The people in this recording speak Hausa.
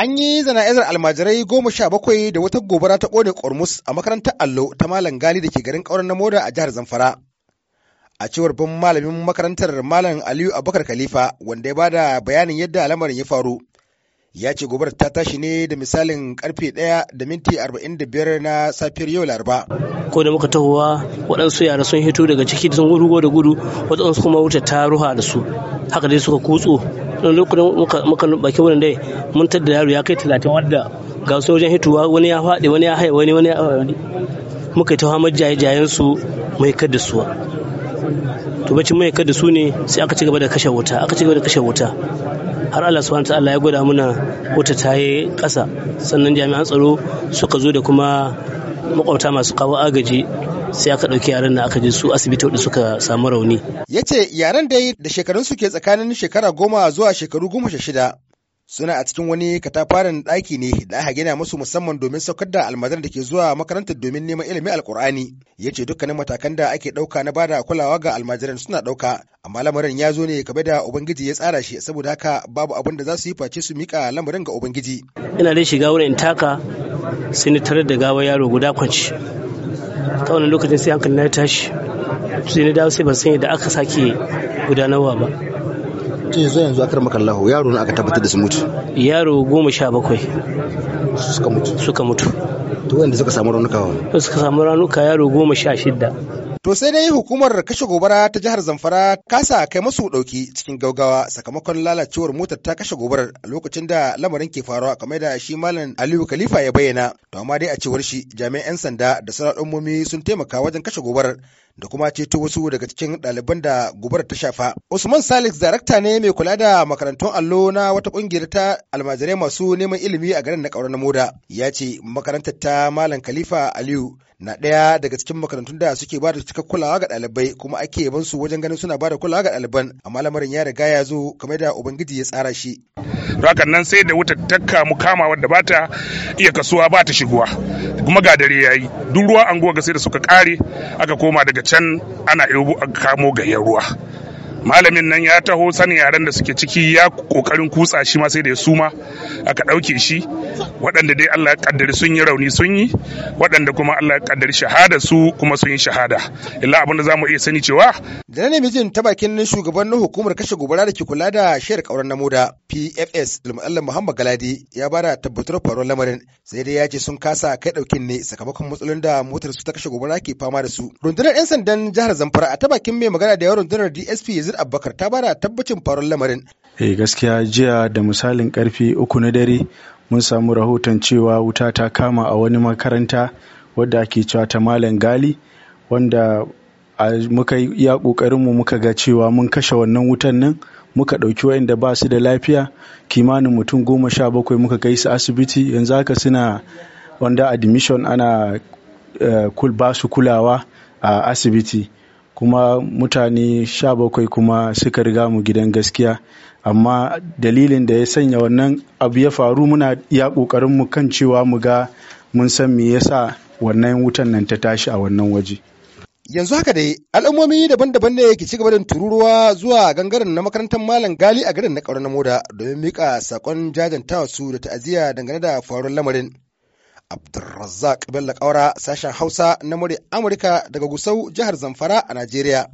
An yi zana'izar almajirai goma sha bakwai da wata gobara ta ƙone ƙormus a makarantar allo ta Malam Gali da ke garin ƙauren na Moda a jihar Zamfara. A cewar ban malamin makarantar Malam Aliyu Abubakar Khalifa wanda ya bada bayanin yadda al'amarin ya faru. Ya ce gobarar ta tashi ne da misalin karfe ɗaya da minti arba'in da biyar na safiyar yau Laraba. ko da muka tahowa waɗansu yara sun hito daga ciki sun gudu da gudu waɗansu kuma wuta ta ruha da su haka dai suka kutso don lokacin muka baki wurin dai mun tadda yaro ya kai talatin wadda ga sojan hituwa wani ya faɗi wani ya haye wani wani ya muka yi ta hamar jaye-jayen su mai kada su to bacin mai kada su ne sai aka ci gaba da kashe wuta aka ci gaba da kashe wuta har Allah subhanahu ta'ala ya gwada muna wuta ta yi ƙasa sannan jami'an tsaro suka zo da kuma makwabta masu kawo agaji sai aka ɗauki yaran da aka je su asibiti wadda suka samu rauni. Ya ce yaran dai da shekarun suke tsakanin shekara goma zuwa shekaru goma sha shida. Suna a cikin wani katafaren ɗaki ne da aka gina musu musamman domin saukar da almadan da ke zuwa makarantar domin neman ilimin alkur'ani. Ya ce dukkanin matakan da ake ɗauka na bada kulawa ga almajiran suna ɗauka. Amma lamarin ya zo ne kabe da Ubangiji ya tsara shi saboda haka babu abin da za su yi face su mika lamarin ga Ubangiji. Ina dai shiga wurin taka sai ni tarar da gawa yaro guda kwanci. ta wani lokacin sai hankali na tashi sai na dawo sai ban san yadda aka sake gudanarwa ba tun yanzu yanzu akar makallahu yaro na aka tabbatar da su mutu yaro goma sha bakwai suka mutu suka mutu to wanda suka samu raunuka suka samu raunuka yaro goma sha shidda To sai dai hukumar kashe gobara ta jihar Zamfara kasa kai masu dauki, cikin gaugawa sakamakon lalacewar motar ta kashe gobarar a lokacin da lamarin ke faruwa kamar da shi Malam Aliyu Khalifa ya bayyana. To amma dai a cewar shi jami'an 'yan sanda da sauran al'ummomi sun taimaka wajen kashe gobarar da kuma ceto wasu daga cikin ɗaliban da gobarar ta shafa. Usman Salik darakta ne mai kula da makarantun allo na wata ƙungiyar ta almajirai masu neman ilimi a garin na ƙaurar Moda ya ce makarantar ta Malam Khalifa Aliyu na ɗaya daga cikin makarantun da suke ba da cikakken kulawa ga ɗalibai kuma ake yaban su wajen ganin suna ba da kulawa ga ɗaliban amma lamarin ya riga ya zo kamar da ubangiji ya tsara shi haka nan sai da wuta takka mu kama wadda ba ta iya kasuwa ba ta shigowa kuma ga dare yayi duk ruwa anguwa ga sai da suka kare aka koma daga can ana ebo kamo gayyar ruwa malamin nan ya taho sanin yaren da suke ciki ya kokarin kutsa shi ma sai da ya suma aka ɗauke shi waɗanda dai Allah ya kaddari sun yi rauni sun yi waɗanda kuma Allah ya kaddari shahada su kuma sun yi shahada illa abin da zamu iya sani cewa da ne mijin ta bakin shugaban na hukumar kashe gobara da ke kula da shehar kauran namuda PFS Almu'allam Muhammad Galadi ya bada tabbatar faruwar lamarin sai dai ya ce sun kasa kai daukin ne sakamakon matsalolin da motar su ta kashe gobara ke fama da su rundunar 'yan sandan jihar Zamfara a ta bakin mai magana da yawan rundunar DSP Nazir Abubakar ta bada tabbacin faruwar lamarin. Eh gaskiya jiya da misalin karfe uku na dare mun samu rahoton cewa wuta ta kama a wani makaranta wadda ake cewa ta Malam Gali wanda muka yi kokarin ƙoƙarinmu muka ga cewa mun kashe wannan wutan nan muka ɗauki wayanda ba su da lafiya kimanin mutum goma sha bakwai muka kai su asibiti yanzu haka suna wanda admission ana uh, kul ba kulawa a asibiti kuma mutane sha bakwai kuma suka riga mu gidan gaskiya amma dalilin da ya sanya wannan abu ya faru muna ya ƙoƙarin mu kan cewa mu ga mun san me yasa wannan wutan nan ta tashi a wannan waje yanzu haka dai al'ummomi daban-daban ne ke cigaba da tururuwa zuwa gangaren na makarantar malam gali a garin na ƙaurar moda domin mika sakon jajantawa su da ta'aziyya dangane da faruwar lamarin Abdulrazzaq Bello Kaura sashen Hausa na murya Amurka daga Gusau jihar Zamfara a Najeriya.